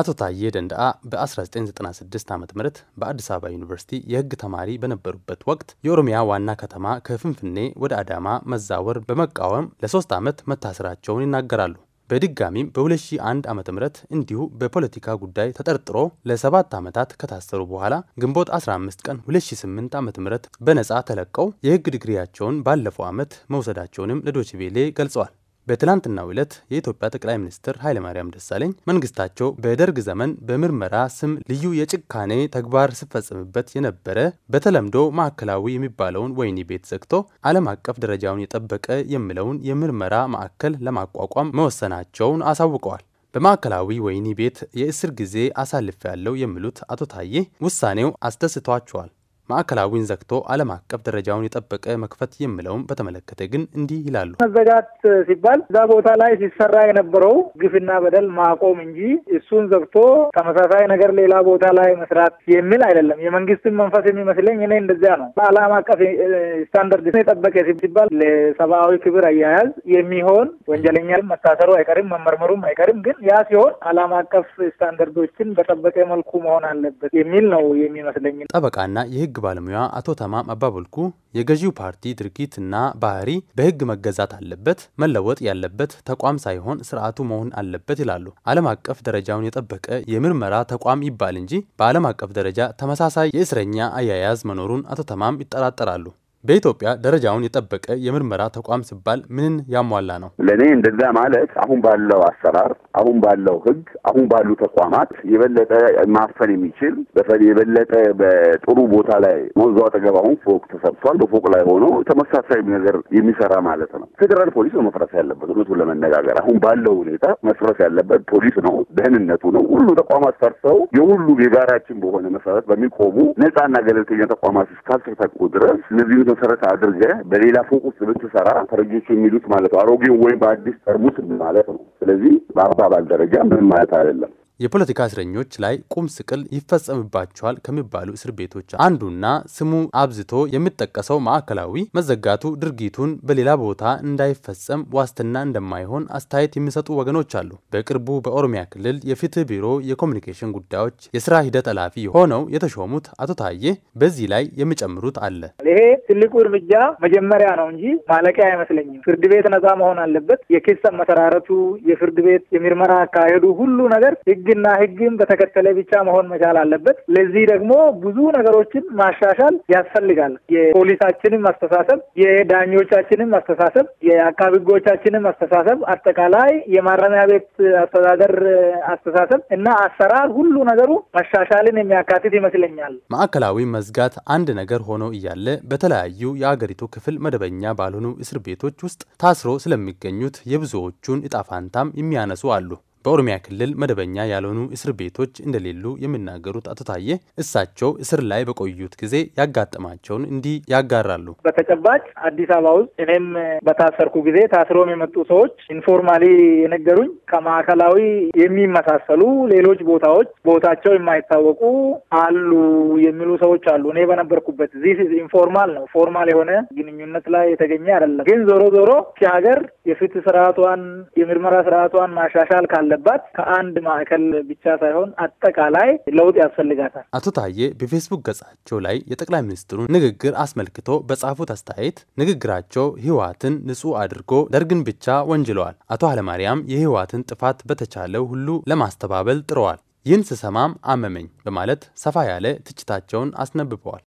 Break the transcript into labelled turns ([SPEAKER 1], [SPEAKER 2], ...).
[SPEAKER 1] አቶ ታዬ ደንዳአ በ1996 ዓ ም በአዲስ አበባ ዩኒቨርሲቲ የህግ ተማሪ በነበሩበት ወቅት የኦሮሚያ ዋና ከተማ ከፍንፍኔ ወደ አዳማ መዛወር በመቃወም ለሶስት ዓመት መታሰራቸውን ይናገራሉ። በድጋሚም በ2001 ዓ ም እንዲሁ በፖለቲካ ጉዳይ ተጠርጥሮ ለሰባት ዓመታት ከታሰሩ በኋላ ግንቦት 15 ቀን 2008 ዓ ም በነፃ ተለቀው የህግ ድግሪያቸውን ባለፈው ዓመት መውሰዳቸውንም ለዶችቤሌ ገልጸዋል። በትላንትናው ዕለት የኢትዮጵያ ጠቅላይ ሚኒስትር ኃይለማርያም ደሳለኝ መንግስታቸው በደርግ ዘመን በምርመራ ስም ልዩ የጭካኔ ተግባር ሲፈጸምበት የነበረ በተለምዶ ማዕከላዊ የሚባለውን ወይኒ ቤት ዘግቶ ዓለም አቀፍ ደረጃውን የጠበቀ የሚለውን የምርመራ ማዕከል ለማቋቋም መወሰናቸውን አሳውቀዋል። በማዕከላዊ ወይኒ ቤት የእስር ጊዜ አሳልፍ ያለው የሚሉት አቶ ታዬ ውሳኔው አስደስቷቸዋል። ማዕከላዊን ዘግቶ ዓለም አቀፍ ደረጃውን የጠበቀ መክፈት የሚለውን በተመለከተ ግን እንዲህ ይላሉ። መዘጋት
[SPEAKER 2] ሲባል እዛ ቦታ ላይ ሲሰራ የነበረው ግፍና በደል ማቆም እንጂ እሱን ዘግቶ ተመሳሳይ ነገር ሌላ ቦታ ላይ መስራት የሚል አይደለም። የመንግስትን መንፈስ የሚመስለኝ እኔ እንደዚያ ነው። ዓለም አቀፍ ስታንዳርድ የጠበቀ ሲባል ለሰብአዊ ክብር አያያዝ የሚሆን ወንጀለኛ መታሰሩ አይቀርም፣ መመርመሩም አይቀርም። ግን ያ ሲሆን ዓለም አቀፍ ስታንዳርዶችን በጠበቀ መልኩ መሆን አለበት የሚል ነው የሚመስለኝ
[SPEAKER 1] ጠበቃና የህግ የህግ ባለሙያ አቶ ተማም አባበልኩ የገዢው ፓርቲ ድርጊት እና ባህሪ በህግ መገዛት አለበት፣ መለወጥ ያለበት ተቋም ሳይሆን ስርዓቱ መሆን አለበት ይላሉ። ዓለም አቀፍ ደረጃውን የጠበቀ የምርመራ ተቋም ይባል እንጂ በዓለም አቀፍ ደረጃ ተመሳሳይ የእስረኛ አያያዝ መኖሩን አቶ ተማም ይጠራጠራሉ። በኢትዮጵያ ደረጃውን የጠበቀ የምርመራ ተቋም ሲባል ምንን ያሟላ ነው?
[SPEAKER 3] ለእኔ እንደዛ ማለት አሁን ባለው አሰራር አሁን ባለው ህግ አሁን ባሉ ተቋማት የበለጠ ማፈን የሚችል የበለጠ በጥሩ ቦታ ላይ ወንዙ አጠገብ አሁን ፎቅ ተሰብቷል። በፎቅ ላይ ሆኖ ተመሳሳይ ነገር የሚሰራ ማለት ነው። ፌዴራል ፖሊስ ነው መፍረስ ያለበት። እውነቱን ለመነጋገር አሁን ባለው ሁኔታ መፍረስ ያለበት ፖሊስ ነው፣ ደህንነቱ ነው። ሁሉ ተቋማት ፈርሰው የሁሉ የጋራችን በሆነ መሰረት በሚቆሙ ነጻና ገለልተኛ ተቋማት እስካልተተኩ ድረስ እነዚህን መሰረት አድርገ በሌላ ፎቅ ውስጥ ብትሰራ ተረጆች የሚሉት ማለት ነው አሮጌው ወይም በአዲስ ጠርሙስ ማለት ነው። ስለዚህ በአባል ደረጃ ምንም ማለት አይደለም።
[SPEAKER 1] የፖለቲካ እስረኞች ላይ ቁም ስቅል ይፈጸምባቸዋል ከሚባሉ እስር ቤቶች አንዱና ስሙ አብዝቶ የሚጠቀሰው ማዕከላዊ መዘጋቱ ድርጊቱን በሌላ ቦታ እንዳይፈጸም ዋስትና እንደማይሆን አስተያየት የሚሰጡ ወገኖች አሉ። በቅርቡ በኦሮሚያ ክልል የፍትህ ቢሮ የኮሚኒኬሽን ጉዳዮች የስራ ሂደት ኃላፊ ሆነው የተሾሙት አቶ ታዬ በዚህ ላይ የሚጨምሩት አለ።
[SPEAKER 2] ይሄ ትልቁ እርምጃ መጀመሪያ ነው እንጂ ማለቂያ አይመስለኝም። ፍርድ ቤት ነጻ መሆን አለበት። የክስ አመሰራረቱ፣ የፍርድ ቤት የምርመራ አካሄዱ፣ ሁሉ ነገር ህግ ህግና ህግን በተከተለ ብቻ መሆን መቻል አለበት። ለዚህ ደግሞ ብዙ ነገሮችን ማሻሻል ያስፈልጋል። የፖሊሳችንም አስተሳሰብ፣ የዳኞቻችንም አስተሳሰብ፣ የአቃቢ ህጎቻችንም አስተሳሰብ፣ አጠቃላይ የማረሚያ ቤት አስተዳደር አስተሳሰብ እና አሰራር ሁሉ ነገሩ መሻሻልን የሚያካትት ይመስለኛል።
[SPEAKER 1] ማዕከላዊ መዝጋት አንድ ነገር ሆኖ እያለ በተለያዩ የአገሪቱ ክፍል መደበኛ ባልሆኑ እስር ቤቶች ውስጥ ታስሮ ስለሚገኙት የብዙዎቹን እጣፋንታም የሚያነሱ አሉ። በኦሮሚያ ክልል መደበኛ ያልሆኑ እስር ቤቶች እንደሌሉ የሚናገሩት አቶ ታዬ እሳቸው እስር ላይ በቆዩት ጊዜ ያጋጠማቸውን እንዲህ ያጋራሉ።
[SPEAKER 2] በተጨባጭ አዲስ አበባ ውስጥ እኔም በታሰርኩ ጊዜ ታስሮም የመጡ ሰዎች ኢንፎርማሊ የነገሩኝ ከማዕከላዊ የሚመሳሰሉ ሌሎች ቦታዎች ቦታቸው የማይታወቁ አሉ የሚሉ ሰዎች አሉ። እኔ በነበርኩበት ዚህ ኢንፎርማል ነው፣ ፎርማል የሆነ ግንኙነት ላይ የተገኘ አይደለም። ግን ዞሮ ዞሮ ሀገር የፍትህ ስርዓቷን የምርመራ ስርዓቷን ማሻሻል ካለ አለባት። ከአንድ ማዕከል ብቻ ሳይሆን አጠቃላይ ለውጥ ያስፈልጋታል።
[SPEAKER 1] አቶ ታዬ በፌስቡክ ገጻቸው ላይ የጠቅላይ ሚኒስትሩን ንግግር አስመልክቶ በጻፉት አስተያየት ንግግራቸው ህወሓትን ንጹህ አድርጎ ደርግን ብቻ ወንጅለዋል። አቶ ኃይለማርያም የህወሓትን ጥፋት በተቻለው ሁሉ ለማስተባበል ጥረዋል። ይህን ስሰማም አመመኝ በማለት ሰፋ ያለ ትችታቸውን አስነብበዋል።